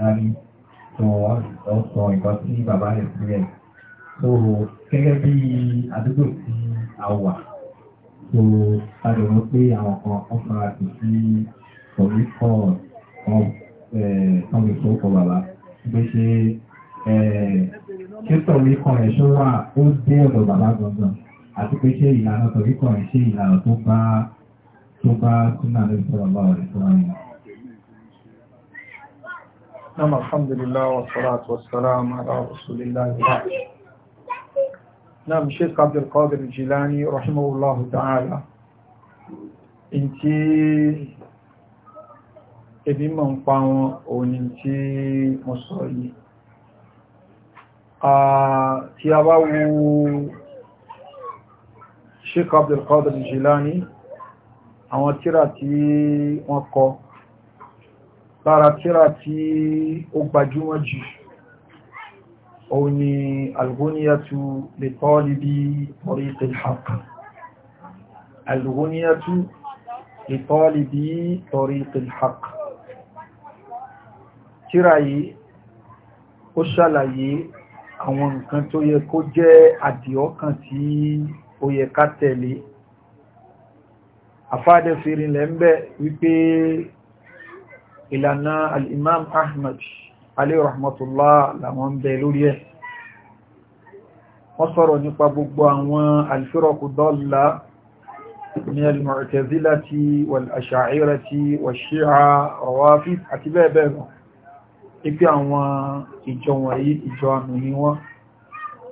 rárí tó ọ̀sọ̀ nǹkan tí bàbá rẹ̀ sí rẹ̀. So gẹ́gẹ́ bí àdúgbò tí a wà so a lè mọ̀ pé àwọn kan kan fara sí sí orí kọ́ ọ̀hún tó kọ bàbá pé ṣe ṣé tọ̀rí kan rẹ̀ ṣó wà ó dé ọ̀dọ̀ bàbá gangan àti pé ṣé ìlànà tọ̀rí kan rẹ̀ ṣé ìlànà tó bá tó bá súnà lórí sọ̀rọ̀ bá ọ̀rẹ́ tó wà nínú. نعم الحمد لله والصلاة والسلام على رسول الله نعم شيخ عبد القادر الجيلاني رحمه الله تعالى انت ebi ma ń pa wọn òní tí mo sọ yìí tí a bá wo Sheikh lára tíra tí ó gbajúmọ̀ jù òun ni algúníyàtú lè tọ́lì bí tariq al-haq algúníyàtú lè tọ́lì bí tariq al-haq tíra yìí ó ṣàlàyé àwọn nǹkan tó yẹ kó jẹ́ àdìọ́kàn tí ó yẹ ká tẹ̀lé àfáàdẹ́fìrin lẹ́m̀bẹ̀ wípé ìlànà al'imam ahmad alayhi rahmatullah làwọn bẹ lórí ẹ̀ wọ́n sọ̀rọ̀ nípa gbogbo àwọn alfirọ́kù dọ́lá ní al-mu'tazilati wal-asha'irati wal-shi'a rawafid àti bẹ́ẹ̀ bẹ́ẹ̀ lọ ipi àwọn ìjọ wọ̀nyí ìjọ àmì ni wọ́n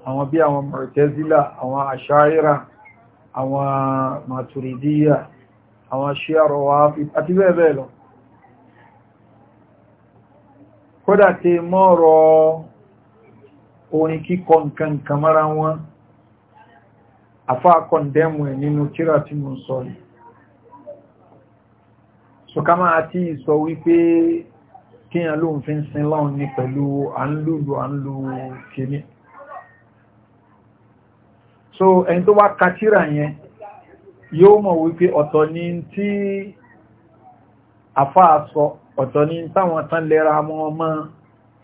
àwọn bí àwọn mu'tazila àwọn asha'ira àwọn maturidiyya àwọn shi'a rawafid àti bẹ́ẹ̀ kódà tí mọ́rọ̀ orin kíkọ nǹkan kàmára wọn àfáà kọndẹ́mù ẹ̀ nínú tíra tí mo sọ rí ṣùkámá àti ìsọ wípé kíyàn ló ń fi ń sin láun ní pẹ̀lú àńlúlù àńlú kìíní so ẹni tó wá ka yẹn yóò mọ̀ wípé ọ̀tọ̀ ni tí afá sọ ọ̀tọ̀ ní táwọn tán lẹ́ra wọn mọ́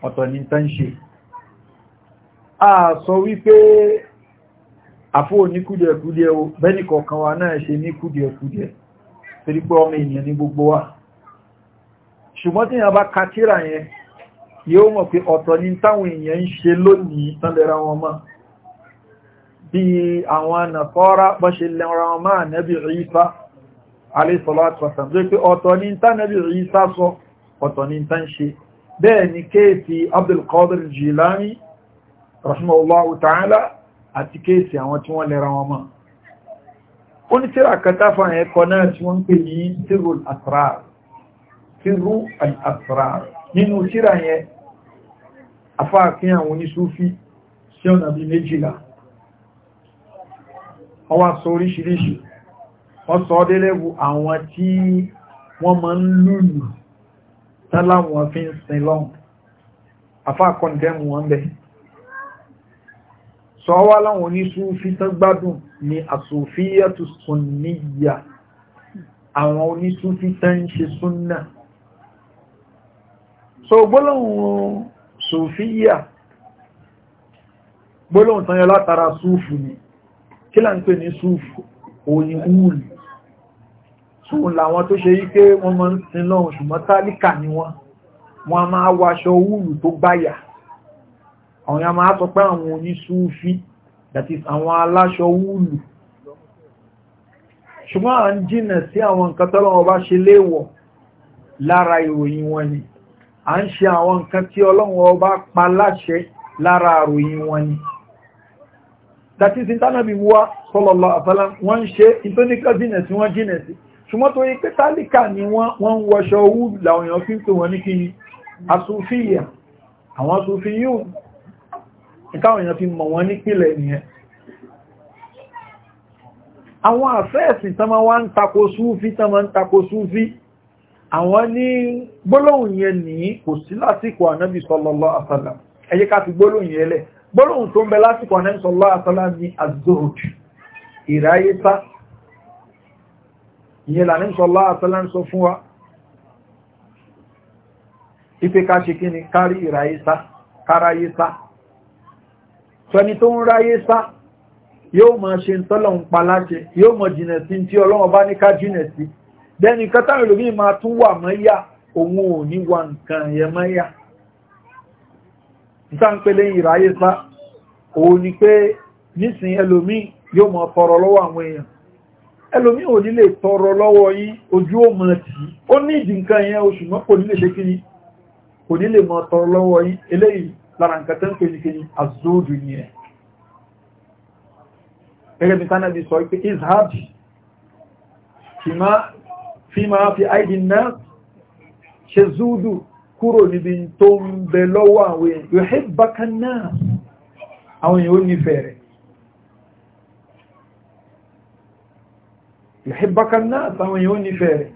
ọ̀tọ̀ ní tán ṣe a sọ wípé àfó ní kúdẹ̀kúdẹ̀ o bẹ́ni kọ̀ọ̀kan wa náà ṣe ní kúdẹ̀kúdẹ̀ torí pé ọmọ ènìyàn ní gbogbo wa ṣùgbọ́n tí yàn bá katira yẹn yóò mọ̀ pé ọ̀tọ̀ ní táwọn èèyàn ń ṣe lónìí tán lẹ́ra wọn mọ́ bí àwọn nàfọ́rá bọ́ṣe lẹ́ra wọn máa nẹ́bí rí aléṣọ́látọ̀sán tó pé ọ̀tọ̀ ní tánàbí Ìsá sọ ọ̀tọ̀ ní tán ṣe bẹ́ẹ̀ ni kéèsì Abdulkadir Jilani rahimahullahu ta'ala àti kéèsì àwọn tí wọ́n lẹ́ra wọn mọ́ ó ní tíra kẹta fún ẹ̀kọ́ náà tí wọ́n ń pè ní tíru al wọ́n sọ délẹ́wù àwọn tí wọ́n máa ń lùlù tánláwọn fi ń sin lọ́n afá kọndẹ́mù wọn bẹ̀ sọ wá láwọn onísúfí tán gbádùn ni àsòfíyà tó sùn níyà àwọn onísúfí tán ń ṣe súnnà so gbólóhùn sòfíyà gbólóhùn tán yọ látara súfù ni kí là ní súfù òyìnbó tún làwọn tó ṣe yíké wọ́n mọ́ sin lọ́hùn ṣùgbọ́n tálíkà ni wọ́n wọ́n a máa wáṣọ wúlù tó gbáyà àwọn ya máa sọ pé àwọn oníṣúfí that is àwọn aláṣọ wúlù ṣùgbọ́n à ń jìnà sí àwọn nǹkan tọ́lọ́wọ́ bá ṣe léèwọ̀ lára ìròyìn wọn ni à ń ṣe àwọn nǹkan tí ọlọ́wọ́ bá pa láṣẹ lára ìròyìn wọn ni that is ìtànàbí wá sọ́lọ́lọ́ àfẹ́lá wọ́n ń ṣe ìtóníkà jìnà sí wọ́n jìnà sí ṣùgbọ́n tó yí pé tálíkà ni wọ́n ń wọṣọ owó làwọn èèyàn fi ń pè wọ́n ní kí ni asúfíyà àwọn asúfíyùn ìtàwọn èèyàn fi mọ̀ wọ́n nípìlẹ̀ nìyẹn àwọn àfẹ́ẹ̀sì tán máa wá ń takò súfí tán ń takò súfí àwọn ní gbólóhùn yẹn ní kò sí lásìkò ànábì sallallahu alaihi wasallam ẹ jẹ́ ká fi gbólóhùn yẹn lẹ̀ gbólóhùn tó ń bẹ lásìkò ànábì sallallahu alaihi wasallam ní az-zuhd ìráyé sá ìyẹn là ní sọlá àtọ́lá ń sọ fún wa ipe ká ṣe kí ni kárí ìráyé sá káráyé sá sọni tó ń ráyé sá yóò máa ṣe tọ́lọ̀ ń pa láṣẹ yóò máa jìnà sí tí ọlọ́wọ́ bá ní ká jìnà sí dẹ́ni kátàrí lómi máa tún wà mọ́yá ẹlòmí ò nílé tọrọ lọ́wọ́ yí ojú ó mọ̀ tí ó ní ìdí nǹkan yẹn oṣù mọ́ kò nílé ṣe kíní kò nílé mọ̀ tọrọ lọ́wọ́ yí eléyìí lára nǹkan tẹ́ ń pè ní kíní azóòdù yẹn gẹ́gẹ́ bí tánàbí sọ pé ishab fi máa fi aidi náà ṣe zúdù kúrò níbi tó ń bẹ lọ́wọ́ àwọn èèyàn yóò hẹ́ bákan náà àwọn èèyàn ó nífẹ̀ẹ́ rẹ̀ ìhìbákaná àtàwọn èèyàn nífẹ̀ẹ́ rẹ̀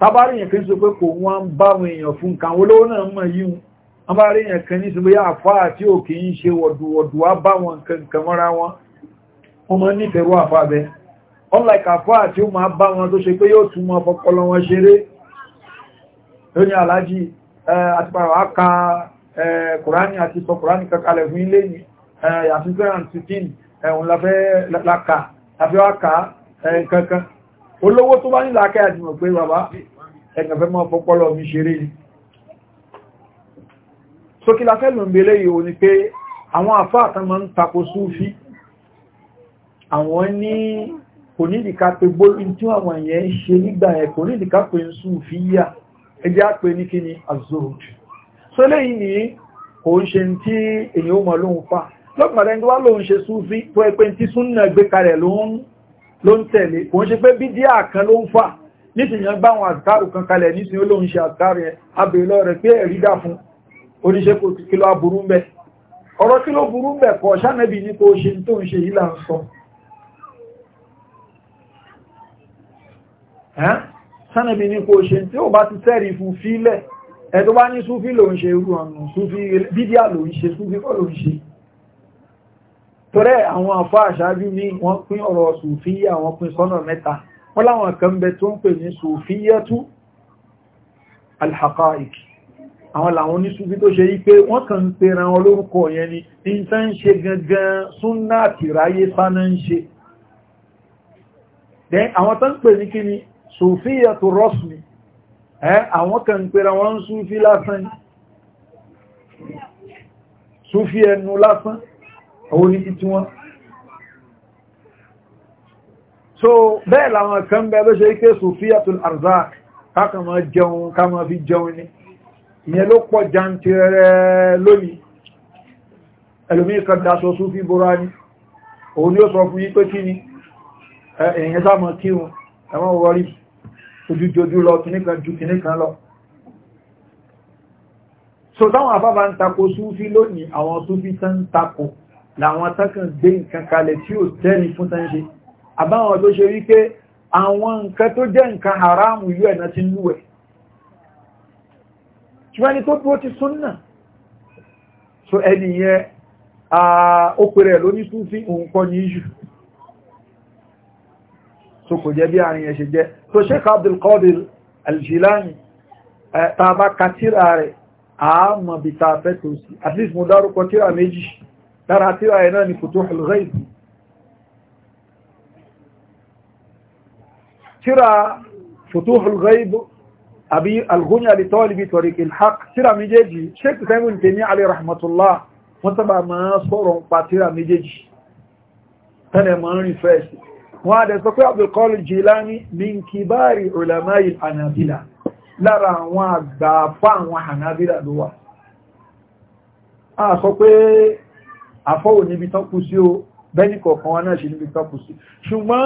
tàbáríyàn kan sọ pé kò wọ́n ń bá àwọn èèyàn fún kan olówó náà mọ̀ yíun abáríyàn kan ní sọpé àfá àti òkè ń ṣe wọ̀dùwọ̀dù á unlike àfá àti ó máa bá wọn tó ṣe pé yóò tún mọ́ fọpọlọ wọn ṣeré ni eh, àti 2015 ẹ̀hùn láfẹ́ láka àfẹ́ wákàá ẹ̀ǹkankan olówó tó bá nílà akẹ́ àti mọ̀ pé bàbá ẹ̀ǹkanfẹ́ mọ́ fọ́pọ́lọ̀ mi ṣeré ni sókílá fẹ́lù ń belé yìí ni pé àwọn àfáà kan máa ń tako súfí àwọn ní kò nídìíká pé gbóyìn tí àwọn èèyàn ń ṣe nígbà ẹ̀ kò nídìíká pé ń súfí yá ẹjẹ́ á ní kí ni azold so léyìn ní kò ń ṣe tí èèyàn ó mọ̀ lóhun fà lọ́pàá rẹ̀ ń wá lóhun ṣe súfí tó ẹ pé tí súnnà gbé kalẹ̀ lóhun ló ń tẹ̀lé kò ń ṣe pé bídíà kan ló ń fà nísìnyàn bá àwọn àzùkárù kan kalẹ̀ nísìnyàn ó lóun ṣe àzùkárù ẹ̀ abèlọ rẹ̀ pé ẹ̀rí dá fún oníṣẹ́ kò kí lọ aburú ń bẹ̀ ọ̀rọ̀ kí ló burú ń bẹ̀ kọ́ ṣánẹ́bì ní kò ṣe tó ń ṣe yìí là ń sọ ṣánẹ́bì ní kò ṣe tí ó bá ti sẹ́rì fún fílẹ̀ ẹ̀ tó bá ní súfí lòun ṣe irú ọ̀nà súfí bídíà lòun ṣe súfí kọ́ lòun ṣe torẹ́ àwọn àfá àṣáájú ní wọ́n pín ọ̀rọ̀ sùfíyà wọ́n pín sọ́nà mẹ́ta wọ́n láwọn kan bẹ tó ń pè ní sùfíyàtú alhaqaiq àwọn làwọn ní sùfí tó ṣe yí pé wọ́n kàn ń pè olórúkọ yẹn ni ìta then àwọn tán pè ní kí ni sùfíyàtú rọ́sùnì àwọn kan pè ran wọ́n ẹnu lásán owó ní títí wọn so bẹ́ẹ̀ làwọn kan bẹ́ẹ̀ ló ṣe ike sufiyatul arzak káàkà máa jẹun ká máa fi jẹun ní ìyẹn ló pọ̀ jantirẹrẹ lónìí ẹlòmí kan dáṣọ sufi bóra ní òun ni ó sọ fún yí pé kí ni èèyàn sáàmọ̀ kí wọn ẹ̀wọ̀n wọrí ojújojú lọ kìníkan ju kìníkan so táwọn àbábá ń tako sufi lónìí àwọn sufi tán ń tako láwọn tákàn gbé nǹkan kalẹ̀ tí ó tẹ́ni fún tánṣe àbáwọn tó ṣe wípé àwọn nǹkan tó jẹ́ nǹkan haramu yú ẹ̀nà ti lú ṣíwáni tó dúró ti súnnà so ẹni yẹn ó pèrè ló ní tún sí òǹkọ́ ní ìṣù so kò jẹ́ bí àrin ẹ̀ṣẹ̀ jẹ́ so Sheikh Abdul Qadir Al-Jilani tàbá katira rẹ̀ àmàbìta fẹ́ tó sí at least mo dárúkọ tíra méjì lára tí ó náà ni Futuhul Ghaib tíra Futuhul Ghaib àbí al-Ghunya li Talibi Tariq al-Haq tíra méjèèjì Sheikh Ibn Taymiyyah alayhi rahmatullah wọ́n sábà máa sọ̀rọ̀ ń pa tíra méjèèjì tẹ́lẹ̀ máa ń rí fẹ́ẹ̀sì wọ́n adẹ̀ sọ pé Abdulqadir afọ́wò níbi tán kú sí o bẹ́ẹ̀ni kọ̀ọ̀kan wọn náà ṣe níbi tán kú sí ṣùgbọ́n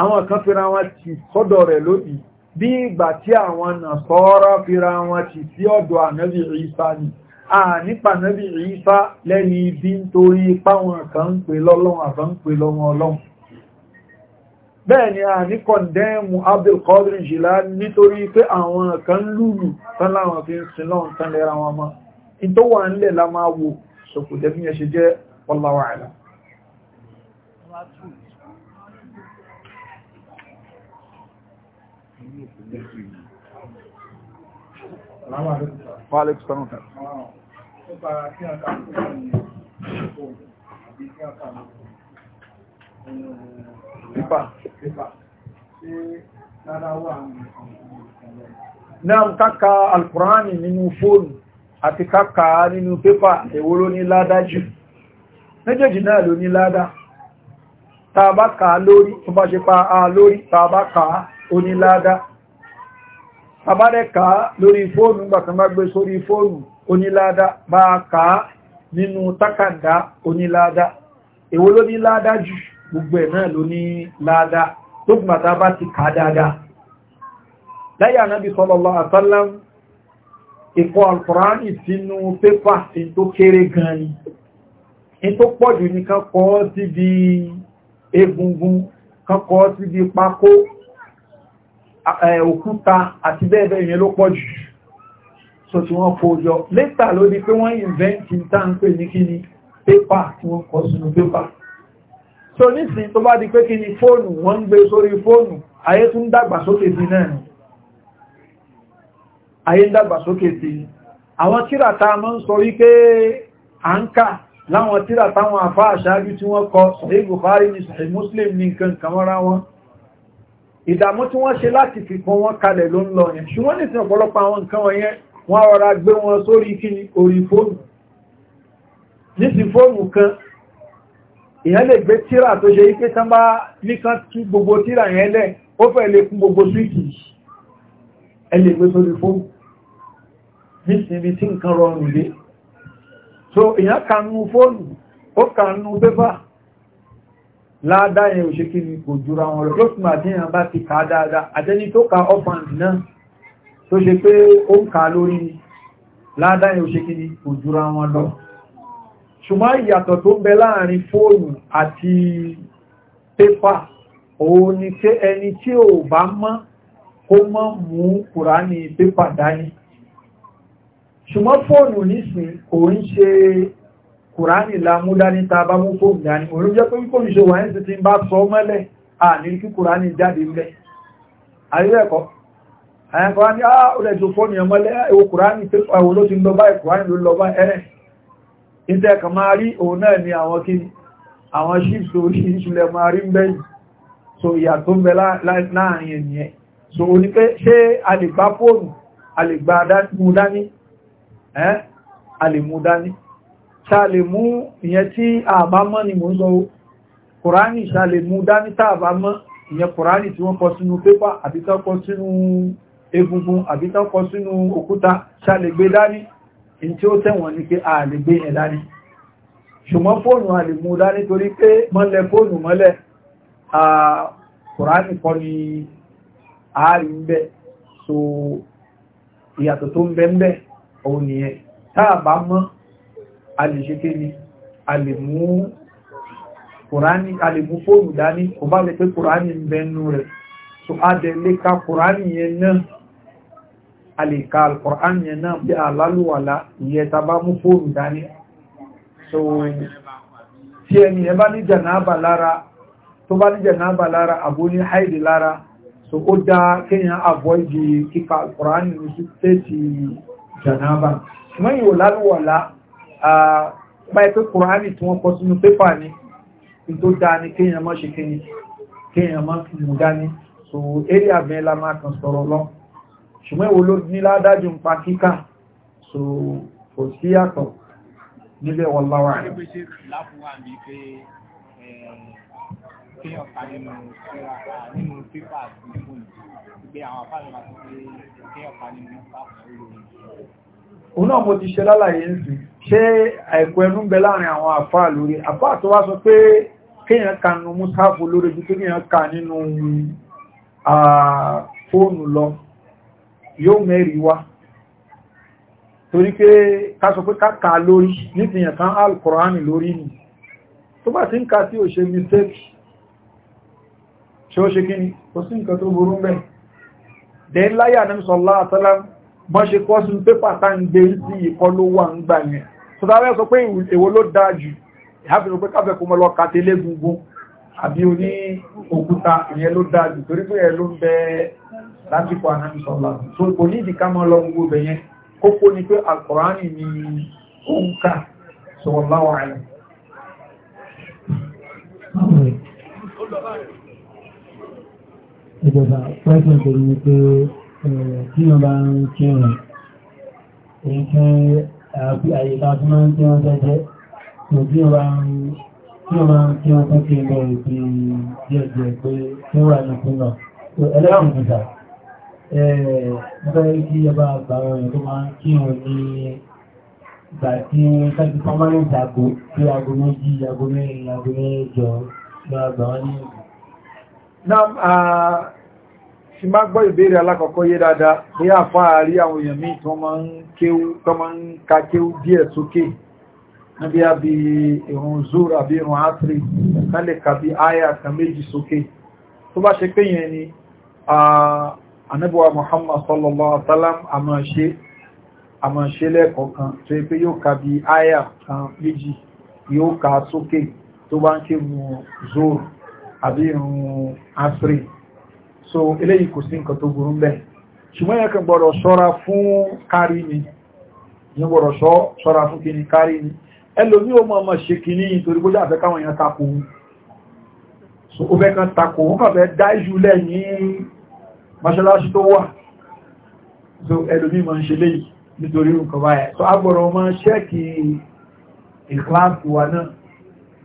àwọn kan fira wọn ti sọ́dọ̀ rẹ̀ lónìí bí ìgbà tí àwọn nàṣọ́rọ̀ fira wọn ti sí ọ̀dọ̀ ànábì Ìsá ni a nípa ànábì Ìsá lẹ́ni ibi nítorí páwọn kan ń pè lọ́lọ́run àbá ń pè ni a ní Abdul Qadir Jilani nítorí pé àwọn kan lùlù tán láwọn fi ń sin lọ́run tán lẹ́ra la máa wò ṣòkòdẹ́bí ṣe jẹ́ wallahu a'lam Fáàlẹ̀ tó sọ́nà tàbí. Pípa. Náà káka Alkùránì nínú fóònù àti káka nínú pépà èwo ló ní ládájú méjèèjì náà ló ní ládá tàbá lórí tó bá ṣe pa á lórí tàbá kà á ó ní ládá tàbá rẹ̀ kà á lórí fóònù gbàkan bá gbé sórí fóònù ó ní ládá bá kà á nínú tákàndá ó èwo ló ní ládá jù gbogbo ẹ̀ náà ló ní ládá tó gbàtà bá ti kà dáadáa láyé ànábì sallallahu alaihi wasallam ìkọ alkùránì sínú pépà sí tó kéré gan ni in tó pọ̀jù ní kankọ́ sí bí egungun kankọ́ sí bí pákó òkúta àti bẹ́ẹ̀bẹ́ ìyẹn ló pọ̀jù so tí wọ́n kó jọ létà ló di pé wọ́n inventi táǹpé ní kí ni pépà tí wọ́n kọ sínú pépà so nísìn tó bá di pé kí ni fóònù wọ́n ń gbé sórí fóònù ayé tún dàgbà sókè sí náà ayé ń dàgbà sókè sí àwọn tírà a máa ń sọ wípé à ń kà láwọn tíra táwọn àfá àṣáájú tí wọ́n kọ sí Bukhari ní sahih Muslim ní nǹkan kamara wọn ìdàmú tí wọ́n ṣe láti fi kún wọn kalẹ̀ ló ń lọ yẹn ṣùgbọ́n ní ìsìn ọ̀pọ̀lọpọ̀ àwọn nǹkan wọ̀nyẹn wọ́n rọra gbé wọn sórí kíni orí fóònù nísìn fóònù kan èèyàn lè gbé tíra tó ṣe yí tán bá nìkan tú gbogbo tíra yẹn lẹ̀ ó fẹ́ lè kún gbogbo síìkì ẹ lè gbé sórí fóònù nísìn ibi tí nǹkan rọrùn lé so èyàn kanú fóònù ó kanú pépà láàdá yẹn ò ṣe kí ni kò jura wọn rẹ̀ lóṣùn àdíyàn bá ti kà dáadáa àtẹni tó ka offhand náà tó ṣe pé ó ń kà lórí láàdá yẹn ni kò jura wọn lọ ṣùgbọ́n ìyàtọ̀ tó ń bẹ láàrin fóònù àti pépà òun ni pé ẹni tí ò bá mọ́ kó mọ́ mú kùránì pépà dání ṣùgbọ́n fóònù nísìn kò ń ṣe kùránì lámúdá níta bá mú fóònù dání òun jẹ́ pé kò ń ṣe wọ́n ti bá sọ mọ́lẹ̀ àní kí kùránì jáde mẹ́ ayẹ́ẹ̀kọ́ ayẹ́kọ́ ní àà olè tó fóònù yẹn mọ́lẹ̀ ewu kùránì pé àwọn ah, ni àwọn kí àwọn ṣíps oríṣiríṣilẹ̀ máa rí bẹ́yìn so ìyà tó ń bẹ láàrin ènìyàn so onípe ṣé a lè gbá fóònù a lè gbá dání a lè mú dání ṣá lè ìyẹn tí a bá mọ̀ ni mò ń sọ kùránì ṣá dání tá a bá mọ̀ ìyẹn kùránì tí wọ́n kọ sínú pépà àbí tán kọ sínú egungun àbí tán kọ sínú òkúta ṣá lè gbé dání in tí ó tẹ̀wọ̀n ní pé a lè gbé yẹn dání ṣùgbọ́n fóònù a lè mú dání torí pé mọ́lẹ̀ fóònù mọ́lẹ̀ kùránì kọ́ ni a rí ń bẹ́ so ìyàtọ̀ tó ń bẹ́ ń bẹ́ òun nìyẹn táàbá mọ́ a lè ṣe kéni a lè mú kùránì a lè mú fóònù dání kò bá lè pé kùránì ń bẹnu rẹ̀ so a dẹ̀ lè ka kùránì yẹn náà a lè ka kùránì yẹn náà bí alálùwàlá ìyẹn tàbá mú fóònù dání so tí ẹni ẹ bá ní jànáàbà lára tó bá ní jànáàbà lára àbó ní haidi lára so ó dá kéèyàn avoid kíka kùránì ní sí jànáàbà wọ́n yíò lálùwọ̀lá pẹ́ pé kùránì tí wọ́n kọ sínú pépà ní tó dáa ní kéèyàn mọ́ ṣe kéèyàn kéèyàn mọ́ mú dání so eré àbẹ́ la máa kàn sọ̀rọ̀ lọ ṣùgbọ́n ìwò ló ní ládájú ń pa kíkà so kò sí yàtọ̀ níbẹ̀ wọ́n láwà kéèyàn ká nínú nínú pépà àti fóònù gbé àwọn afáàlù máa tó pé kéèyàn ká nínú sáfù lórí òun náà mo ti ṣe lálàyé ń sìn ṣé àìkú ẹnu ń bẹ láàrin àwọn àfáà lórí àfáà tó wá sọ pé kéèyàn ká nínú mùsáfù lórí ju kéèyàn ká nínú fóònù lọ yóò mẹ́rin wá torí pé ká sọ pé ká kà lórí nítìyàn kan alkùránì lórí ni tó bá ti ń ka sí òṣèlú mistake ṣe ó ṣe kí ni kò sí nǹkan tó burú mẹ́ dẹ̀ láyà ní sọ́lá àtọ́lá mọ́ ṣe kọ́ sí pépà tá ń gbé sí ìkọ́ ló wà ń gbà yẹn tó dáwẹ́ sọ pé èwo ló dáa jù ìháfẹ́ pé káfẹ́ kó mọ́ lọ ka télé gungun àbí oní òkúta ìyẹn ló dáa jù torí pé ẹ ló ń bẹ lásìkò ànábì sọ́lá so kò ní ìdí ká mọ́ lọ gbogbo bẹ̀ Thank you ìjọba pẹ́sẹ̀ tó ní pé eh, tí wọ́n bá ń kí wọn èyí tí eh, àyè bá tún máa ń tí wọ́n bá ń kí wọ́n tó kí ń bẹ̀rẹ̀ bí pé tí wà ní fún lọ ẹlẹ́wọ̀n kìtà ẹ̀ẹ́ eh, kí ọba àgbàrọ̀ tó máa ń kí wọn ní ìgbà tí káàkiri fọ́nmọ́lẹ̀ ìdàgbò tí aago méjì aago mẹ́rin ní àgbà ní ìgbà ṣe má ah, gbọ́ ìbéèrè alákọ̀ọ́kọ́ yé dáadáa bí a fáà rí àwọn èèyàn míì tó máa ń ka kéwú díẹ̀ sókè níbi àbí ìrùn zoro àbí ìrùn atri kálẹ̀ kàbí aya kan méjì sókè tó bá ṣe pé yẹn ni anábíwa ah, muhammad sallallahu alaihi wasallam a máa ṣe lẹ́ẹ̀kọ̀ọ̀kan tó aya kan méjì yóò kà sókè tó àbí irun asiri so eléyìí kò sí nǹkan tó burú bẹ́ẹ̀ ṣùgbọ́n yẹn kan gbọ́dọ̀ ṣọ́ra fún kárí ni yẹn gbọ́dọ̀ ṣọ́ra fún kíní kárí ni ẹlòmí o mọ̀ ṣe kíní nítorí bójá àfẹ́ káwọn èèyàn takò so ó fẹ́ kan takò wọ́n kàfẹ́ dá ìṣù lẹ̀ so ẹlòmí mọ̀ ń ṣe so agbọ̀rọ̀ ọmọ ṣẹ́ẹ̀kì ìkláàsì wa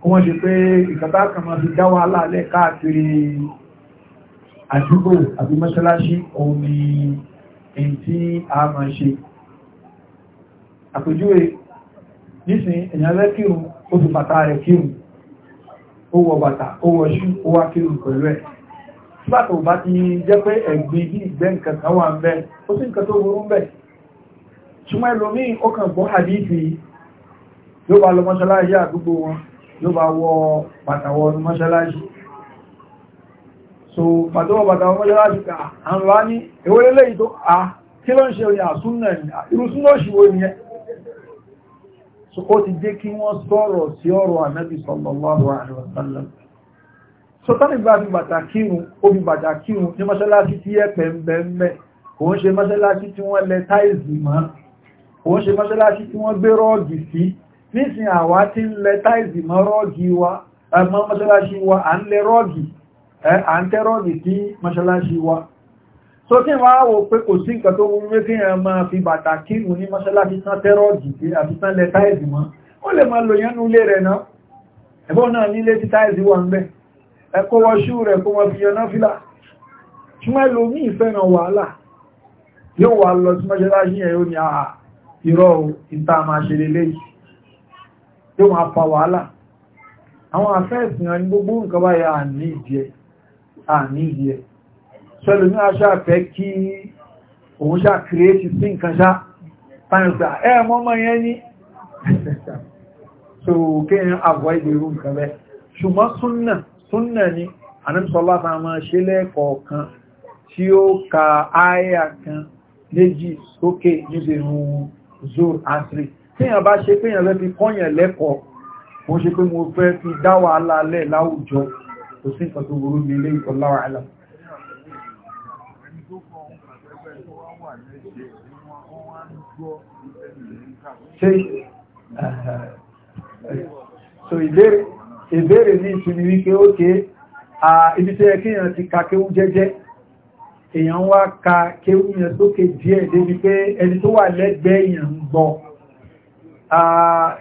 wọ́n ṣe pé ìkàtà kan máa fi dáwà aláàlẹ́ káàkiri àdúgbò àbí mọ́ṣáláṣí òun ni èyí tí a máa ṣe àpèjúwe nísìn èyàn rẹ̀ kírun ó fi bàtà rẹ̀ kírun ó wọ bàtà ó wọ ṣú ó wá kírun pẹ̀lú ẹ̀ síbàtà ò bá ti jẹ́ pé ẹ̀gbin bí ìgbẹ́ nǹkan wà ń bẹ ó sì nǹkan tó burú ń bẹ ṣùgbọ́n ẹlòmíì ó kàn gbọ́ àdíìtì yóò bá lọ mọ́ṣáláṣí àdúgbò wọn ló bá wọ pàtàwọ̀ ọdún mọ́ṣáláṣí so pàtàwọ̀ pàtàwọ̀ mọ́ṣáláṣí ká àwọn wá ní ewélélé ìtò à kí ló ń ṣe orí àsúnnà irúsúnnà òṣìwò nìyẹn so ó ti jẹ́ kí wọ́n sọ̀rọ̀ sí ọ̀rọ̀ ànábì sallallahu so tánì bá fi bàtà kírun ó fi bàtà kírun ní mọ́ṣáláṣí tí ẹ pẹ̀mbẹ̀mbẹ̀ kò ń ṣe mọ́ṣáláṣí tí nísìn àwa tí ń lẹ táìsì mọ́ rọ́ọ̀gì wa ẹmọ mọ́ṣáláṣí wa à ń lẹ rọ́ọ̀gì à ń tẹ́ rọ́ọ̀gì tí mọ́ṣáláṣí wa so tí wọ́n á wò pé kò sí nǹkan tó wú wé kí ẹ máa fi bàtà kírun ní mọ́ṣáláṣí tán tẹ́ rọ́ọ̀gì tí àti tán lẹ táìsì mọ́ ó lè máa lò yẹn nú ilé yóò wà lọ sí mọ́ṣáláṣí yẹn yóò ní àà irọ́ ìta máa ṣe lélẹ́yìí yóò máa fa wàhálà àwọn afẹ́ẹ̀sìn wọn ni gbogbo nǹkan bá yà ní ìdíẹ̀ àní ìdíẹ̀ sẹ́lù ní aṣáàfẹ́ kí òun ṣá kìrìẹ́tì sí nǹkan ṣá pàìsà ẹ mọ́mọ́ yẹn ní so kéèyàn avoid irú nǹkan bẹ́ ṣùgbọ́n súnnà súnnà ni àníṣọ́lá sàmà ṣe lẹ́ẹ̀kọ̀ọ̀kan tí ó ka áyà kan méjì sókè níbi ìrùn tíyàn bá ṣe pé yàn fẹ́ fi kọ́yàn lẹ́kọ̀ọ́ mo ṣe pé mo fẹ́ fi dá wàhálà alẹ́ láwùjọ kò sí nǹkan tó burú ní ilé ìkọláwà àlà so ìbéèrè ìbéèrè ní ìsinmi wípé ókè ibi tí ẹkíyàn ti ka kéwú jẹ́jẹ́ èèyàn wá ka kéwú yẹn sókè díẹ̀ débi pé ẹni tó wà lẹ́gbẹ̀ẹ́ èèyàn ń gbọ́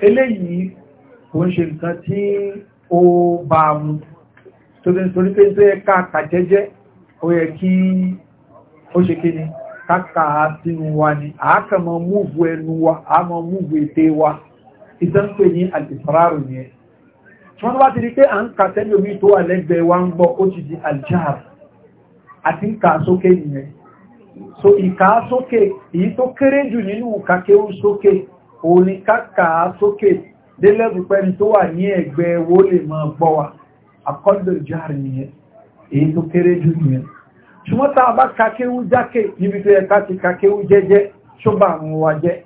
eléyìí kò ń ṣe nǹkan tí ó bá mú torí nítorí pé tó yẹ káàkà jẹ́jẹ́ ó yẹ kí ó ṣe kí ni káàkà sínú wa ni àákà mọ múùbù ẹnu wa àmọ múùbù ètè wa ìtànpé ní àlìsàrárù ni ẹ wọ́n bá ti rí pé à ń kà tẹ́lẹ̀ omi tó wà lẹ́gbẹ̀ẹ́ wa ń gbọ́ ó ti di aljáàrù àti ń kà sókè nìyẹn so ìkà sókè èyí tó kéré jù nínú kàkéwù sókè òun ni káàkà sókè délẹ́bù pẹ́ni tó wà ní ẹgbẹ́ wo lè máa gbọ́ wa àkọ́dọ̀ járe nìyẹn èyí tó kéré jù nìyẹn ṣùgbọ́n tá a bá kakéwú jákè níbi tó yẹ ká ti kakéwú jẹ́jẹ́ ṣọ́bà àwọn wa jẹ́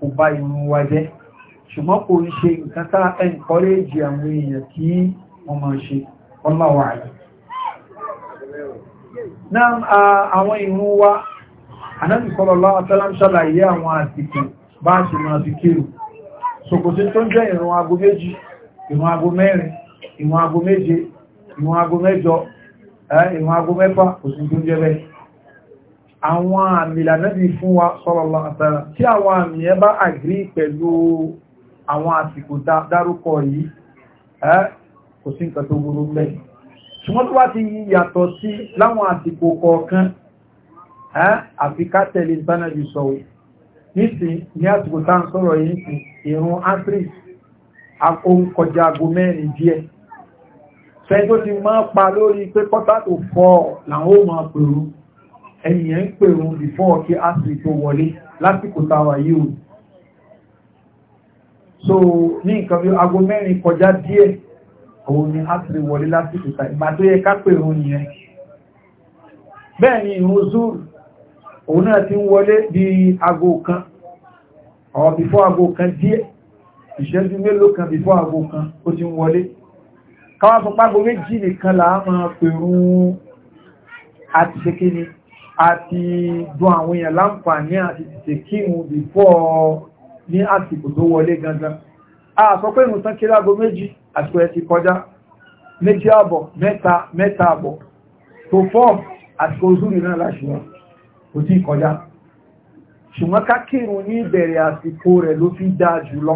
kò bá ìrún wa jẹ́ ṣùgbọ́n kò ń ṣe nǹkan tá ẹnkọ́rẹ́jì àwọn èèyàn kí wọ́n máa ṣe ọláwà rẹ̀ náà àwọn ìrún wa anábìkọlọ́lá àtàlámṣàlàyé àwọn àtìkù bá ṣe máa fi kírù ṣòkòtí tó ń jẹ́ ìrun aago méjì ìrun aago mẹ́rin ìrun aago méje ìrun aago mẹ́jọ ìrun aago mẹ́fà kò sí tó ń jẹ́ bẹ́ẹ̀ àwọn àmì ìlànàbí fún wa sọ́lọ́lọ́ àtàrà tí àwọn àmì ẹ bá àgírí pẹ̀lú àwọn àsìkò dárúkọ yìí kò sí nǹkan tó burú mẹ́ ṣùgbọ́n tó wá ti yàtọ̀ sí láwọn àsìkò kọ̀ọ̀kan àfi nísì ní àsìkò tá ń sọ̀rọ̀ yìí sí ìrún antris akóńkọjá aago mẹ́rin díẹ̀ fẹ́ tó ti máa pa lórí pé kọ́tà tó fọ́ làwọn ó máa pèrún ẹ̀yìn ń pèrún before kí antris tó wọlé lásìkò táwà yìí o so ní nǹkan bí aago mẹ́rin kọjá díẹ̀ òun ni antris wọlé lásìkò táwà ìgbà tó yẹ ká pèrún nìyẹn bẹ́ẹ̀ ni ìrún zuru òun náà ti ń wọlé bí aago kan or before aago kan díẹ̀ ìṣẹ́jú mélòó kan before aago kan ó ti ń wọlé káwà fún págbó méjì nìkan làá máa pèrún àti ṣekíní àti dùn àwọn èèyàn láǹfààní àti ṣekíhun before ní àsìkò tó wọlé gangan a sọ pé ìrùn tán kí láago méjì àsìkò ẹ̀ ti kọjá méjì àbọ̀ mẹ́ta mẹ́ta àbọ̀ tó fọ́ọ̀mù àsìkò zúrì náà láṣìwọ̀n kò tí kọjá ṣùgbọ́n ká kírun ní ìbẹ̀rẹ̀ àsìkò rẹ̀ ló fi dáa jùlọ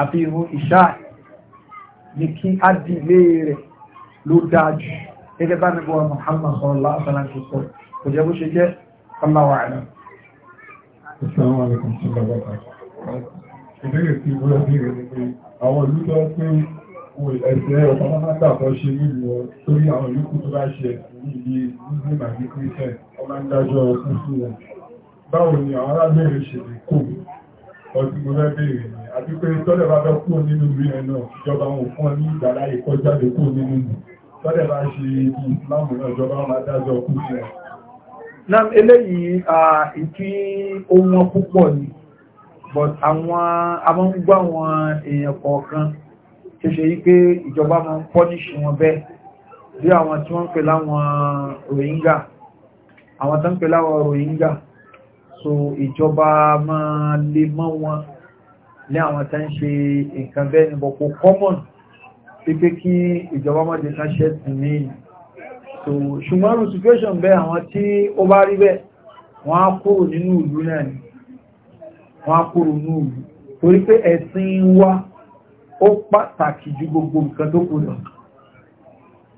àfi irun ìṣá ní kí á di ilé rẹ̀ ló dáa jù gẹ́gẹ́ bá nígbà Muhammad sallallahu alaihi wa sallam kò jẹ́ bó ṣe jẹ́ Allahu a'lam. Assalamu alaikum warahmatullahi wabarakatuh ìbéèrè tí àwọn ìlú tó pé ẹ̀sẹ̀ ọ̀pọ̀lọpọ̀ ṣe nílùú torí àwọn ìlú kú tó bá ṣe iye nígbà ní kírísẹ̀ ọmọ ìdájọ́ ọkùn wọn báwo ni àwọn arábẹ̀rẹ̀ ṣe lè kò ọdún mo fẹ́ bèèrè ni àti pé tọ́lẹ̀ bá fẹ́ nínú rí ẹ̀ ìjọba wọn fún ní ìgbà láyé kọjáde kúrò nínú ìlú tọ́lẹ̀ ṣe ibi ìsìláàmù náà ìjọba wọn adájọ́ ọkùn sí wọn. Nam eléyìí ìtí ohun púpọ̀ ni, but àwọn amọ́ngbà wọn èèyàn kọ̀ọ̀kan ṣe yí pé ìjọba máa ń wọn bẹ́ẹ̀ bí àwọn tí wọ́n pè láwọn Rohingya àwọn tán pè láwọn Rohingya so ìjọba ma lè mọ́ wọn ní àwọn tán ṣe nǹkan bẹ́ẹ̀ ni bọ̀pọ̀ common pípé kí ìjọba mọ́dé kan ṣẹ́ tì ní so ṣùgbọ́n situation bẹ́ẹ̀ àwọn tí ó bá rí bẹ́ẹ̀ wọ́n á kúrò nínú ìlú náà ni wọ́n á kúrò nínú ìlú torí pé ẹ̀sìn wa ó pàtàkì ju gbogbo nǹkan tó kù lọ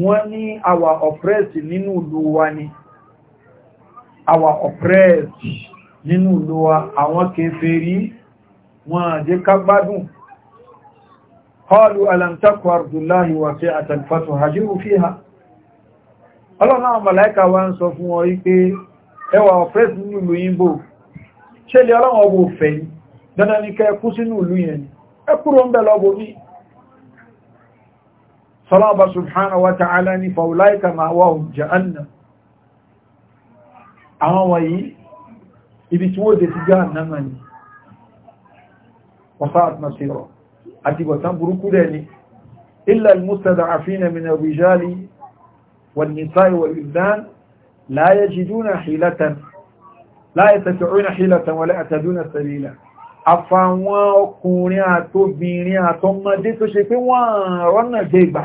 wọ́n ní àwà ọ̀pẹ́ẹ̀sì nínú ìlú ni àwà ọ̀pẹ́ẹ̀sì nínú ìlú wa àwọn kèfèrí wọn àjẹ́ ká gbádùn قالوا ألم تكن أرض الله واسعة فتهاجروا ha ọlọ́nà fi ha ń sọ fún wọn wípé ẹwà ọ̀pẹ́sì nínú ìlú yínbò ṣe lè ọlọ́wọ́ ọgbò fẹ̀yìn dandan ní sínú ìlú yẹn ń bẹ̀ طلب سبحانه وتعالى فأولئك ما هوهم جهنم أعوي يبتود في جهنم وصارت مصيره أتي بطن بركولاني إلا المستضعفين من الرجال والنساء والإبدان لا يجدون حيلة لا يتفعون حيلة ولا يعتدون سبيلا afawọn ọkùnrin àtòbìnrin àtọmọdé tó ṣe pé wọ́n rọ́nà dẹ́gbà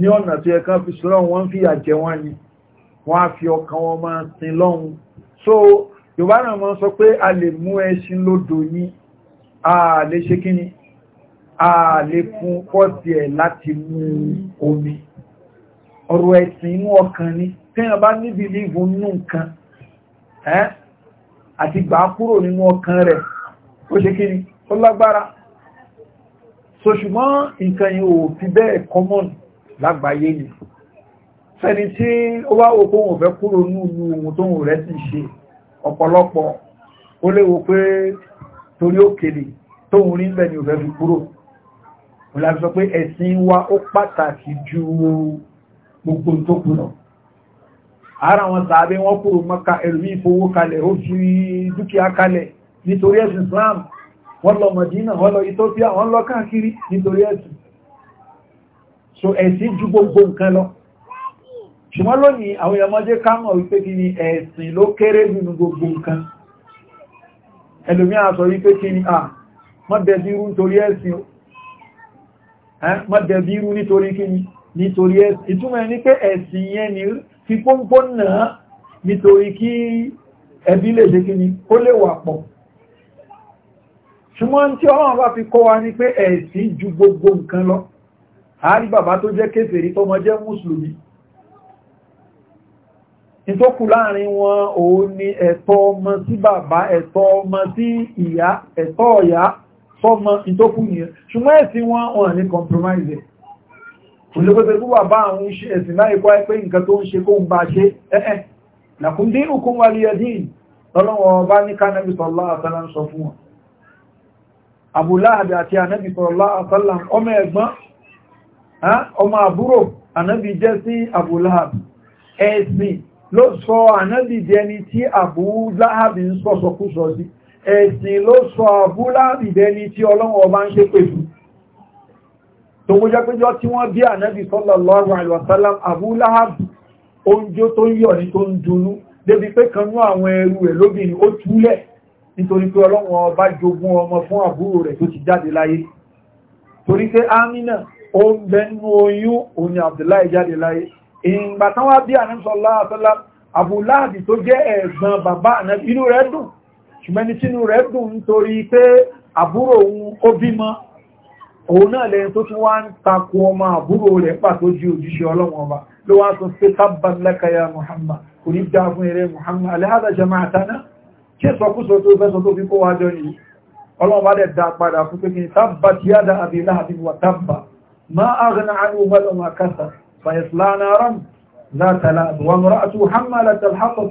ní ọ̀nà tí ẹ̀ká fi sọ́rọ̀ wọ́n fi àjẹ wọn ni wọ́n á fi ọkàn wọn máa sin lọ́hun so yorùbá náà mọ́ sọ pé a lè mú ẹṣin lódò ní a lè ṣe kíni a lè fún pọ́ọ̀tì ẹ̀ láti mú omi ọ̀rọ̀ ẹ̀sìn inú ọkàn ni tẹ́yàn bá níbi líìbù nínú nǹkan àti gbà kúrò nínú ọkàn rẹ̀ ó ṣe kíni ó lágbára so ṣùgbọ́n nǹkan yìí ò fi bẹ́ẹ̀ common lágbàáyé ni fẹ́ni tí ó wá òpó òun fẹ́ kúrò ní ìlú ohun tó ń rẹ̀ ti ṣe ọ̀pọ̀lọpọ̀ ó léwo pé torí òkèlè tóun rí bẹ́ẹ̀ ni ò fẹ́ fi kúrò mo láti sọ pé ẹ̀sìn wa ó pàtàkì ju gbogbo tó kù lọ ara wọn tàbí wọn kúrò mọ́ka ẹ̀lú ìfowó kalẹ̀ ó fi dúkìá kalẹ̀ nítorí ẹ̀sìn Islam wọ́n lọ Mọ̀dínà wọ́n lọ Ethiopia wọ́n lọ káàkiri nítorí ẹ̀sìn so ẹ̀sìn ju gbogbo nǹkan lọ ṣùgbọ́n lónìí àwọn ọmọdé kámọ̀ wípé kí ni ẹ̀sìn ló kéré nínú gbogbo nǹkan ẹlòmíà sọ wípé kí ni à mọ́dẹ̀bí irú nítorí ẹ̀sìn o mọ́dẹ̀bí irú nítorí kí ni nítorí ẹ̀sìn ìtumọ̀ ní pé ẹ̀sìn yẹn ni fi pọ́npọ́n náà ni ó lè wà pọ̀ ṣùgbọ́n tí ọlọ́run bá fi kọ́ wa àárí bàbá tó jẹ́ kéfèrí tọ́mọ jẹ́ mùsùlùmí ìtókù láàrin wọn òun ni ẹ̀tọ́ ọmọ sí bàbá ẹ̀tọ́ ọmọ sí ìyá ẹ̀tọ́ ọ̀yá sọ́mọ ìtókù nìyẹn ṣùgbọ́n ẹ̀sìn wọn wọn ní compromise olùgbẹ́gbẹ́ tó wà bá àwọn iṣẹ́ ẹ̀sìn láì kọ́ ẹgbẹ́ nǹkan tó ń ṣe kó ń bá ṣe ẹ́ẹ̀ làkúndínlùkún wà lè ẹ̀dín lọ́lọ́wọ́ ní kánàbí sọ́lá àti ànàbí sọ́lá àtàlà ọmọ ẹ̀gbọ́n ọmọ àbúrò ànábì jẹ́ sí abúláhàb ẹ̀sìn ló sọ ànábì jẹ́ ni tí abúláhàb ń sọ́sọkúsọ sí ẹ̀sìn ló sọ abúláhàb jẹ́ ni tí ọlọ́wọ́ ọba ń ṣe pẹ̀lú tó mú jẹ́ péjọ tí wọ́n bí ànábì sallallahu alaihi wasallam abúláhàb oúnjẹ tó ń yọ̀ ní tó ń dunú débi pé kanú àwọn ẹrú ẹ̀ lóbìnrin ó túlẹ̀ nítorí pé ọlọ́wọ́ ọba jogún ọmọ fún àbúrò rẹ̀ tó ti jáde láyé torí pé Amina ó ń bẹnu oyún òní Abdullahi jáde láyé ìgbà tán wá bí àníṣọ́lá àtọ́lá àbúláàdì tó jẹ́ ẹ̀gbọ́n bàbá inú rẹ̀ dùn ṣùgbẹ́ni tínú rẹ̀ dùn nítorí pé àbúrò òun ó bímọ òun náà lẹ́yìn tó tún wá ń takò ọmọ àbúrò rẹ̀ pàtó jí òjíṣẹ́ ọlọ́wọ́n ọba ló wá sọ pé tabban laka ya Muhammad kò ní dá fún eré Muhammad alihada jama'atana ṣe sọkúsọ tó fẹ́ sọ ما أغنى عنه ماله ما كثر فيصلى نارا ذات لأب وامرأته حملة الحطب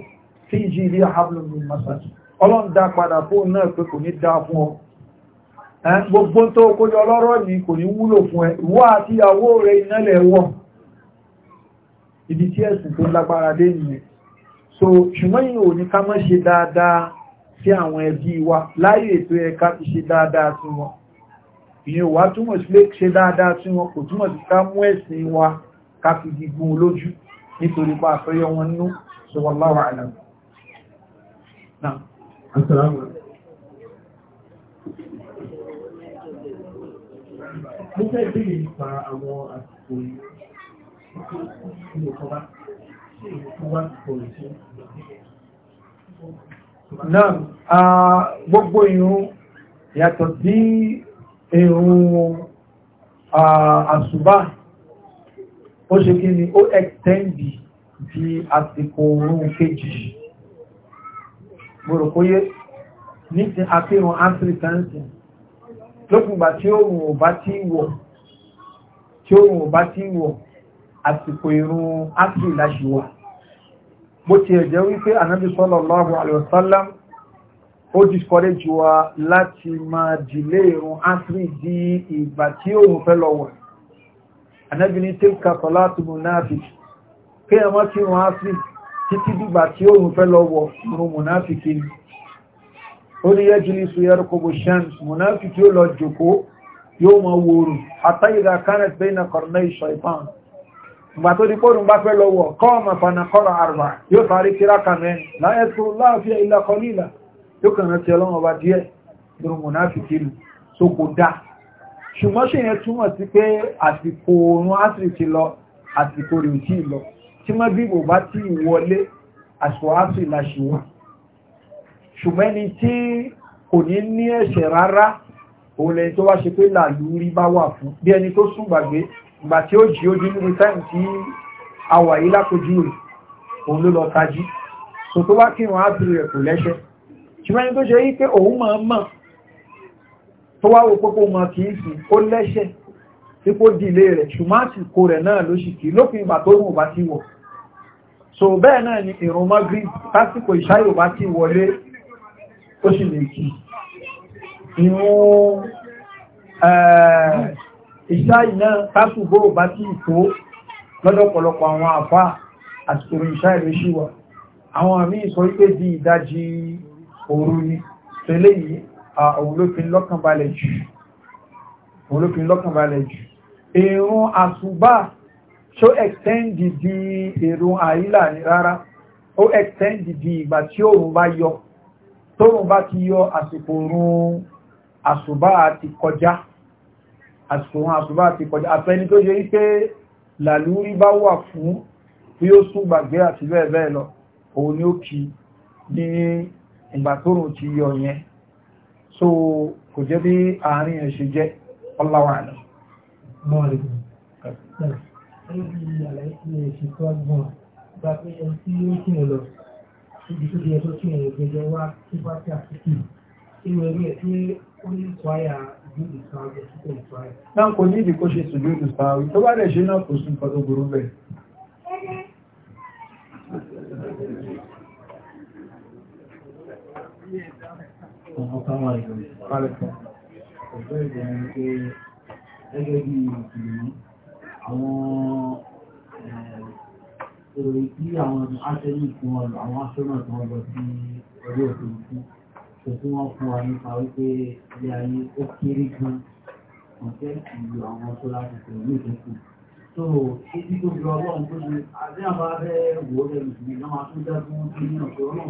في جيدها حبل من مسد ọlọ́run dá padà fóun náà pé kò ní dá fún ọ gbogbo tó kójọ lọ́rọ̀ ní kò ní wúlò fún ẹ àti ìyàwó rẹ̀ ìnálẹ̀ ibi tí ẹ̀sùn tó lágbára dé nìyẹn so ṣùgbọ́n yìí ò ní ká má ṣe dáadáa sí àwọn ẹbí wa láyé ètò ti ṣe dáadáa sí wọn ìyẹn wà túmọ̀ sí pé ṣe dáadáa sí wọn kò túmọ̀ sí ká mú ẹ̀sìn wa ká fi gígùn olójú nítorí pa àfẹ́yọ wọn nú sọ wallahu a'lam Mo fẹ́ Náà, ah, gbogbo ìrun yàtọ̀ sí èrùn àṣùbá ó ṣe kí ni ó ẹ̀tẹ́ǹdì di àsìkò oòrùn kejì gbòròkóyé ní ti àfihàn áfíríkánsì lókùngbà tí oòrùn ò bá ti wọ̀ tí oòrùn ò bá ti wọ̀ àsìkò ìrùn áfírí láṣìwà bó ti ẹ̀jẹ́ wípé ànábì sallallahu alaihi wasallam ó discourage wa láti máa dìlé ìrun áfírí di ìgbà tí òun fẹ́ lọ wọ̀ ànábì ní tilka salatu munafiki pé ẹmọ́ tí wọ́n áfírí títí dìgbà tí òun fẹ́ lọ wọ̀ ìrun munafiki ni ó ní yẹ́ jìlí su yarkubu shams munafiki ó lọ jòkó yóò mọ wòrùn yóò kàn rántí ọlọ́run ọba díẹ̀ lórí mùnáfíkì nù so kò dá ṣùgbọ́n ṣe yẹn túmọ̀ sí pé àsìkò oorun asiri ti lọ àsìkò rẹ̀ ò tí ì lọ tí mọ́gìrìbò bá tí ì wọlé àsìkò asiri la ṣì wà ṣùgbọ́n ẹni tí kò ní ní ẹ̀ṣẹ̀ rárá òun lẹ́yìn tó wá ṣe pé làlú rí bá wà fún bí ẹni tó sùn gbàgbé ìgbà tí ó jí ojú nínú táìmù tí a wà yí lápòjú rẹ̀ òun ló lọ tají so tó wá kírun asiri rẹ̀ kò lẹ́ṣẹ̀ ṣùgbọ́n tó ṣe wípé òun máa mọ̀ tó wá wo pópó ma kì í sí ó lẹ́ṣẹ̀ tí kó dìlé rẹ̀ ṣùgbọ́n rẹ̀ náà ló sì kì í ìgbà tó rùn bá ti wọ̀ so bẹ́ẹ̀ náà ni ìrùn mọ́gírí tásìkò ìṣáyò bá ti wọlé ó sì lè kì ìrùn eh, ìṣáyì náà tásùgbò bá ti ìtó lọ́dọ̀pọ̀lọpọ̀ àwọn àfá àsìkò ìṣáyì ló ṣì àwọn àmì ìsọ wípé di ìdajì òru ni tẹ́lẹ̀ yìí òun ló fi lọ́kàn balẹ̀ jù òun ló di èrún àìlà rárá ó ẹ̀tẹ́ǹdì di ìgbà tí òun bá yọ tóun bá ti yọ àsìkò òun àsùbá ti kọjá àsìkò òun àsùbá ti kọjá àfẹ́ni fún bí ó sún àti bẹ́ẹ̀ bẹ́ẹ̀ lọ òun ni ó kì ní ìgbà tó rùn ti yọ yẹn so kò jẹ́ bí àárín ẹ̀ ṣe jẹ́ ọláwà náà ibi tó di ẹjọ́ tí ẹ̀yẹ̀ gbẹjẹ wá tí bá tí a ti kì í ìwé rí ẹ̀ tí ó ní ìtọ́yà ìdúdù sáà ọjọ́ tó ń tọ́yà. náà kò ní ìdíkó ṣe sùdúdù sáà tó bá rẹ̀ ṣe náà kò sí Gẹ́gẹ́ bí ìpìlẹ̀ àwọn eh, èrò tí àwọn aṣẹ́lú fún ọlọ̀ àwọn aṣọ́nà tó wọ́n lọ sí orí òfurufú tó tí wọ́n fún wa nípa wípé ilé ayé ó kéré gan ọ̀tẹ́ ìlú àwọn tó láti pẹ̀lú ní ìtẹ́kù tó títí tó fi ọlọ́run tó ṣe àti àbá rẹ̀ wò ó rẹ̀ lùsùn náà máa tún jẹ́ fún wọn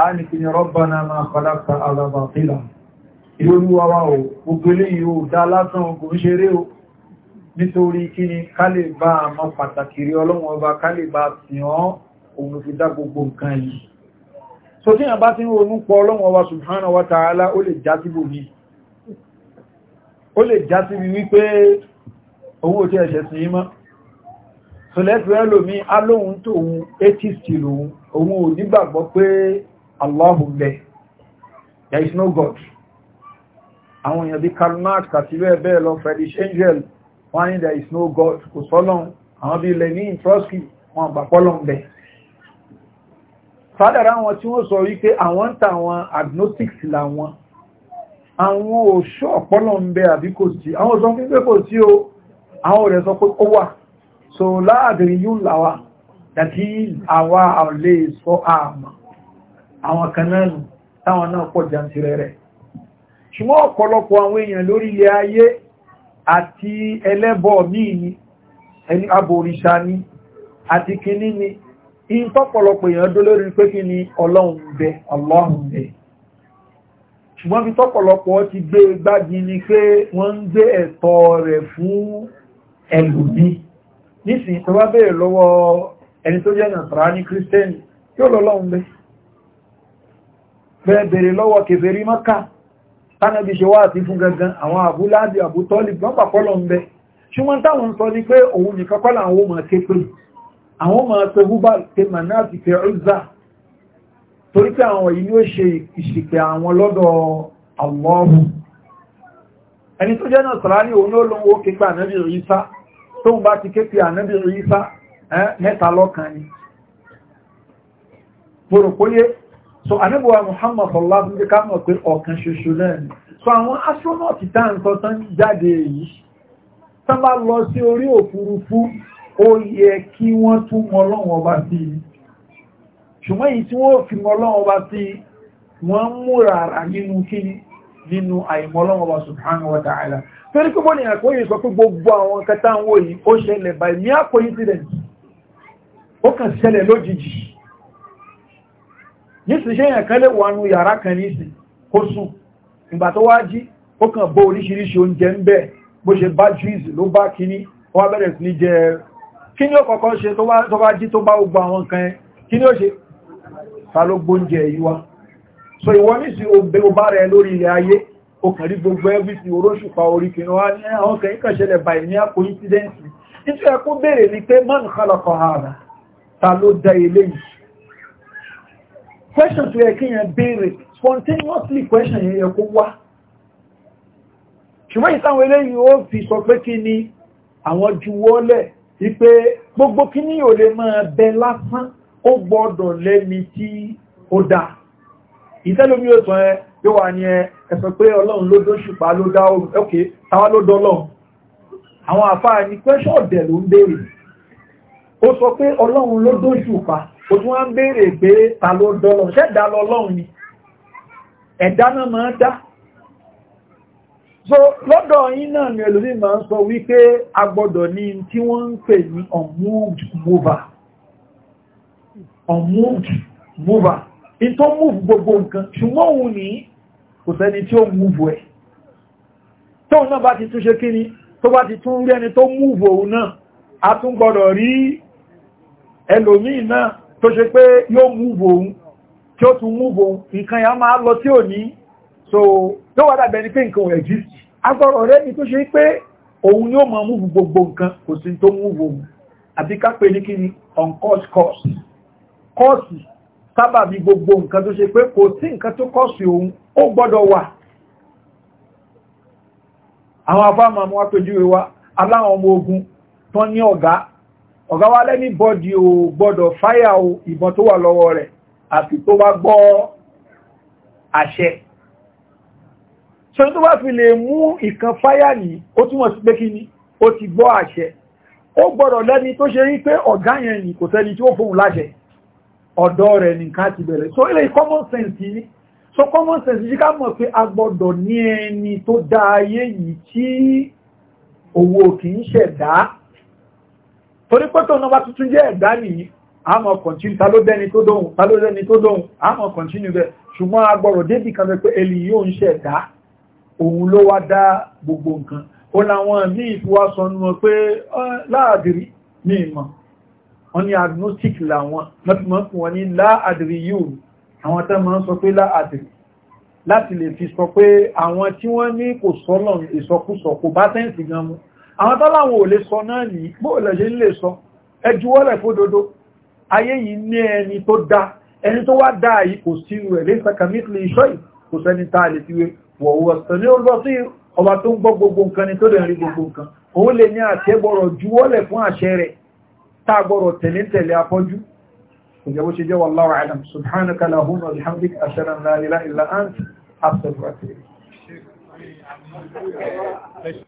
a ní kí ni rọ́bàná máa kọlápta alábàtílà ìrólúwàwà ò gbogbo eléyìí ò dá látàn kò ń ṣeré o nítorí kí ni kálẹ̀ bá àmọ́ pàtàkì rí ọlọ́run ọba kálẹ̀ bá tìyàn òun fi dá gbogbo nǹkan yìí so tí a bá ti ronú pọ̀ ọlọ́run ọba subhanahu òun ò nígbàgbọ́ pé Allahu bẹ there is no God àwọn èèyàn bí Karl Marx àti bẹ́ẹ̀ bẹ́ẹ̀ lọ Friedrich Engels wọ́n ní there is no God kò sọ́lọ́n àwọn bí Lenin Trotsky wọn àgbàpọ́lọ́n bẹ̀ fádàrà wọn tí wọ́n sọ wípé àwọn ń ta àwọn agnostics làwọn àwọn òṣọ́ ọ̀pọ́lọ́ ń bẹ àbí kò sí àwọn sọ pé kò sí o àwọn rẹ̀ sọ pé ó wà so láàdìrí yóò làwà dàtí àwa lè sọ àmà àwọn kan náà nù táwọn náà pọ̀ jàǹtìrẹ rẹ̀ ṣùgbọ́n ọ̀pọ̀lọpọ̀ àwọn èèyàn lórí ilẹ̀ ayé àti ẹlẹ́bọ̀ míì ni ẹni abòrìṣà ni àti kìíní ni in tọ́pọ̀lọpọ̀ èèyàn dó lórí pé kí ni ọlọ́run bẹ ọlọ́run bẹ ṣùgbọ́n bí tọ́pọ̀lọpọ̀ ti gbé gbági ni pé wọ́n ń gbé ẹ̀tọ́ rẹ̀ fún ẹlòmí nísìnyí tó bá bèèrè lọ́wọ́ ẹni tó jẹ́ nàtàrà ní kírísítẹ́nì yóò lọ́lọ́run bẹ́ẹ̀ fẹ́ bèèrè lọ́wọ́ kèfèrí mọ́ká tánàbí ṣe wá àti fún gangan àwọn àbúláàbí àbútọ́lì gbọ́pàpọ́lọ̀ ń bẹ ṣùgbọ́n táwọn sọ ní pé òun nìkan kọ́ láwọn ọmọ ké pé àwọn ọmọ pé húbà pé manáàtì pé ọ́zà torí pé àwọn yìí ni ó ṣe ìṣìkẹ̀ àwọn lọ́dọ̀ àwọ̀ọ́hù ẹni so anábọ̀wà Muhammad sallallahu alaihi ká mọ̀ pé ọ̀kan ṣoṣo náà ni so àwọn astronaut tá ń sọ tán jáde yìí tán bá lọ sí orí òfurufú ó yẹ kí wọ́n tún mọ Ọlọ́run ọba sí i ṣùgbọ́n èyí tí wọ́n fi mọ Ọlọ́run ọba sí i wọ́n ń múra ara nínú kíni nínú àìmọ̀ Ọlọ́run ọba subhanahu wa ta'ala torí pé bọ́ọ̀lù ìyàkó yìí sọ pé gbogbo àwọn kẹta ń wò yìí ó ṣẹlẹ̀ by mere coincidence ó kàn ṣẹlẹ̀ lójijì nísìṣẹ́ èèyàn kan lè wà nú yàrá kan nísìn kó sùn ìgbà tó wá jí ó kàn bó oríṣiríṣi oúnjẹ ń bẹ bó ṣe bá juice ló bá kíní wá bẹ̀rẹ̀ sí ní jẹ kí ni ó ṣe tó bá jí tó bá gbogbo àwọn kan kí ni ó ṣe ta ló gbóúnjẹ yìí wá so ìwọ nísìn ó bá rẹ lórí ilẹ̀ ayé ó kàn rí gbogbo ẹ́bísì oróṣùpá orí kìnnà wá ní ah, àwọn kan ìkàn ṣẹlẹ̀ báyìí ní àkóyínsídẹ́ǹsì nítorí ẹkún béèrè ni pé mọ́nù kálọ̀kọ̀ hàrà ta ló dá eléyìí question tó yẹ kí yẹn béèrè spontaneously question yẹn yẹ kó wá ṣùgbọ́n ìsáwọn eléyìí ó fi sọ pé kí ni àwọn juwọ́lẹ̀ wípé gbogbo kí ní ò lè máa bẹ lásán ó gbọ́dọ̀ lẹ́ni tí ó dá ìtẹ́lómi ó tán ẹ yóò wà ní ẹ̀sọ̀ pé ọlọ́run ló dó ṣùpá ló dá oòrùn ok táwa ló dọ́lọ́run àwọn àfáà ni pẹ́ṣọ̀ ọ̀dẹ̀ ló ń béèrè ó sọ pé ọlọ́run ló dó ṣùpá ó tún wọ́n béèrè pé ta ló dọ́lọ̀ ṣẹ́dá lọ́lọ́run ni ẹ̀dá náà máa dá so lọ́dọ̀ yín náà ni ẹlòmí máa ń sọ wípé a gbọ́dọ̀ ní tí wọ́n ń pè ní unmoved mover in tó move gbogbo nǹkan ṣùgbọ́n òun ní kò sẹ́ni tí ó move ẹ̀ tóun náà bá ti tún ṣe kíni tó bá ti tún rí ẹni tó move òun náà a tún gbọ́dọ̀ rí ẹlòmí náà tó ṣe pé yóò múvò ohun tí ó tún múvò ohun nǹkan ya máa lọ tí ò ní so tó wádà bẹni pé nǹkan ò exist agbọ́rọ̀ rẹ̀ ni tó ṣe pé òun ni ó máa múvò gbogbo nǹkan kò sí tó múvò ohun àti kápẹ́ ní kí ni on course course course sábàbí gbogbo nǹkan tó ṣe pé kò sí nǹkan tó kọ́ọ̀sì òun ó gbọ́dọ̀ wà àwọn afáàmà wọn pèjúwe wa aláwọn ọmọ ogun tán ní ọ̀gá ọ̀gá wa lẹ́ni bọ́dì ò gbọ́dọ̀ fáyà o ìbọn tó wà lọ́wọ́ rẹ̀ àti tó bá gbọ́ àṣẹ ṣe tó bá fi lè mú ìkan fáyà ní ó túnmọ̀ sí pé kí ni ó ti gbọ́ àṣẹ ó gbọ́dọ̀ lẹ́ni tó ṣe rí pé ọ̀gá yẹn ni kò sẹ́ni tí ó fóun láṣẹ ọ̀dọ́ rẹ̀ nìkan ti bẹ̀rẹ̀ so ilé common sense ni so common sense yíká mọ̀ pé a gbọ́dọ̀ ní ẹni tó dá ayé yìí tí owó kì í ṣẹ̀dá torí pẹ́tọ̀ náà bá tuntun jẹ́ ẹ̀dá nìyí àmọ́ kọ̀ntínú ta ló dẹ́ni tó dóhun ta ló dẹ́ni tó dóhun àmọ́ kọ̀ntínú bẹ́ ṣùgbọ́n agbọ̀rọ̀ débì kan bẹ pé ẹlì yóò ń ṣe ẹ̀dá òun ló wá dá gbogbo nǹkan ó láwọn ní ìfiwásọ nù wọn pé láàdìrí ní ìmọ̀ wọn ni agnostic làwọn láti mọ́ fún wọn ní láàdìrí yóò àwọn tẹ́ máa ń sọ pé láàdìrí láti lè fi sọ pé àwọn tí wọ́n ní kò sọ́lọ̀ ìsọkúsọ kò bá tẹ́ǹsì gan mu àwọn tọ́láwọn ò lè sọ náà ní bóòlẹ̀ṣe ń lè sọ ẹjúwọ́lẹ̀ fódodo ayé yìí ní ẹni tó dá ẹni tó wá dá yìí kò sí rẹ̀ lè sàkàmítìlì iṣọ́ yìí kò sẹ́ni tá a lè fi wé wọ̀wọ̀sán ní olùbọ́sí ọba tó ń gbọ́ gbogbo nǹkan ni tó lè rí gbogbo nǹkan òun lè ní àṣẹ gbọ́rọ̀ juwọ́lẹ̀ fún àṣẹ rẹ̀ tá a gbọ́rọ̀ tẹ̀lé tẹ̀lé afọ́jú ìjẹ́ bó ṣe jẹ́ wallahu a'lam subhanaka lahumma wa bihamdika ashhadu an la ilaha illa anta astaghfiruka wa